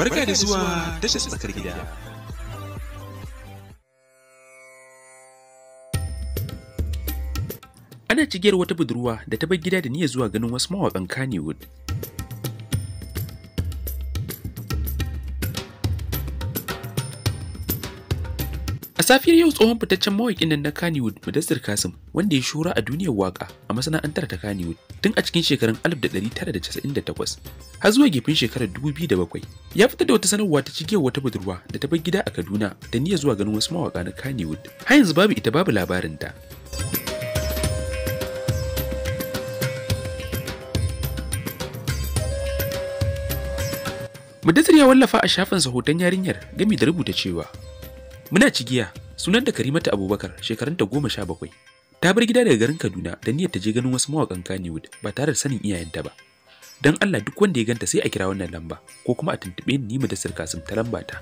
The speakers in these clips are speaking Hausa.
Barka da zuwa tashar tsakar gida. Ana cigiyar wata budurwa da ta bar gida da niyya zuwa ganin wasu mawaƙan Kannywood. safiyar yau tsohon fitaccen mawaƙin nan na Kannywood Mudassir Kasim wanda ya shura a duniyar waƙa a masana'antar ta Kannywood tun a cikin shekarun 1998 har zuwa gefen shekarar 2007 ya fitar da wata sanarwa ta cigiyar wata budurwa da ta bar gida a Kaduna da niyyar zuwa ganin wasu mawaƙa na Kannywood har yanzu babu ita babu labarin ta Mudassir ya wallafa a shafinsa hoton yarinyar gami da rubuta cewa Muna cigiya, sunan da Karimata Abubakar, shekarunta goma sha bakwai. Ta bar gida daga garin Kaduna da niyyar ta je ganin wasu mawakan Kannywood ba tare da sanin iyayenta ba. Don Allah duk wanda ya ganta sai a kira wannan lamba ko kuma a tuntuɓe ni mu da Sirkasim ta lamba ta.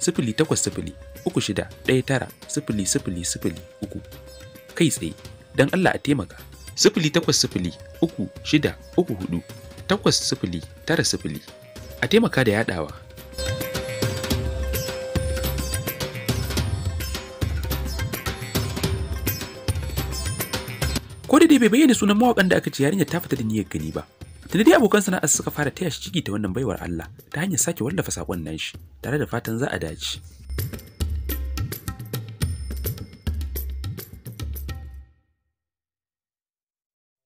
Sifili takwas sifili uku shida ɗaya tara sifili sifili sifili uku. Kai tsaye, don Allah a taimaka. Sifili takwas sifili uku shida uku hudu takwas sifili tara sifili. A taimaka da yaɗawa. ko da dai bai bayyana sunan mawakan da aka ce yarinya ta fita da niyyar gani ba tunda dai abokan sana'ar suka fara taya shi ciki ta wannan baiwar Allah ta hanyar sake wallafa sakon nan shi tare da fatan za a dace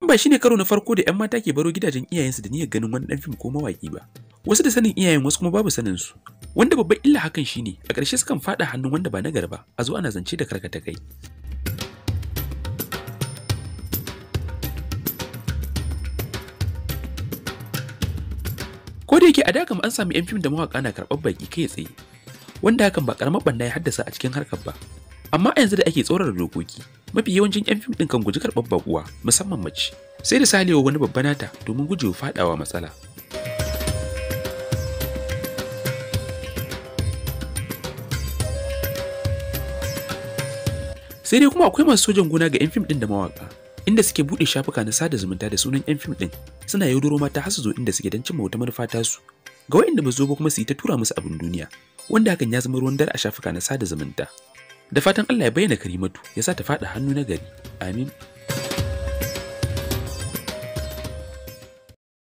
ba shine karo na farko da 'yan mata ke baro gidajen iyayensu da niyyar ganin wani dan fim ko mawaki ba wasu da sanin iyayen wasu kuma babu sanin su wanda babban illa hakan shine a ƙarshe sukan faɗa hannu wanda ba na garba a zo ana zance da karkata kai ko da yake a dakam an sami yan fim da mawaka na karɓar baki kai tsaye wanda hakan ba karamar banda ya haddasa a cikin harkar ba amma a yanzu da ake tsorar dokoki mafi yawancin yan fim din kan guji karɓar bakuwa musamman mace sai da salewa wani babba nata domin gujewa faɗawa matsala sai dai kuma akwai masu sojan gona ga 'yan fim ɗin da mawaƙa inda suke buɗe shafuka na sada zumunta da sunan 'yan fim ɗin suna yaudaro mata har su zo inda suke don cimma wata manufa su. ga waɗanda ba zo ba kuma su yi ta tura musu abin duniya wanda hakan ya zama ruwan dare a shafuka na sada zumunta da fatan Allah ya bayyana karimatu ya sa ta faɗa hannu na gari amin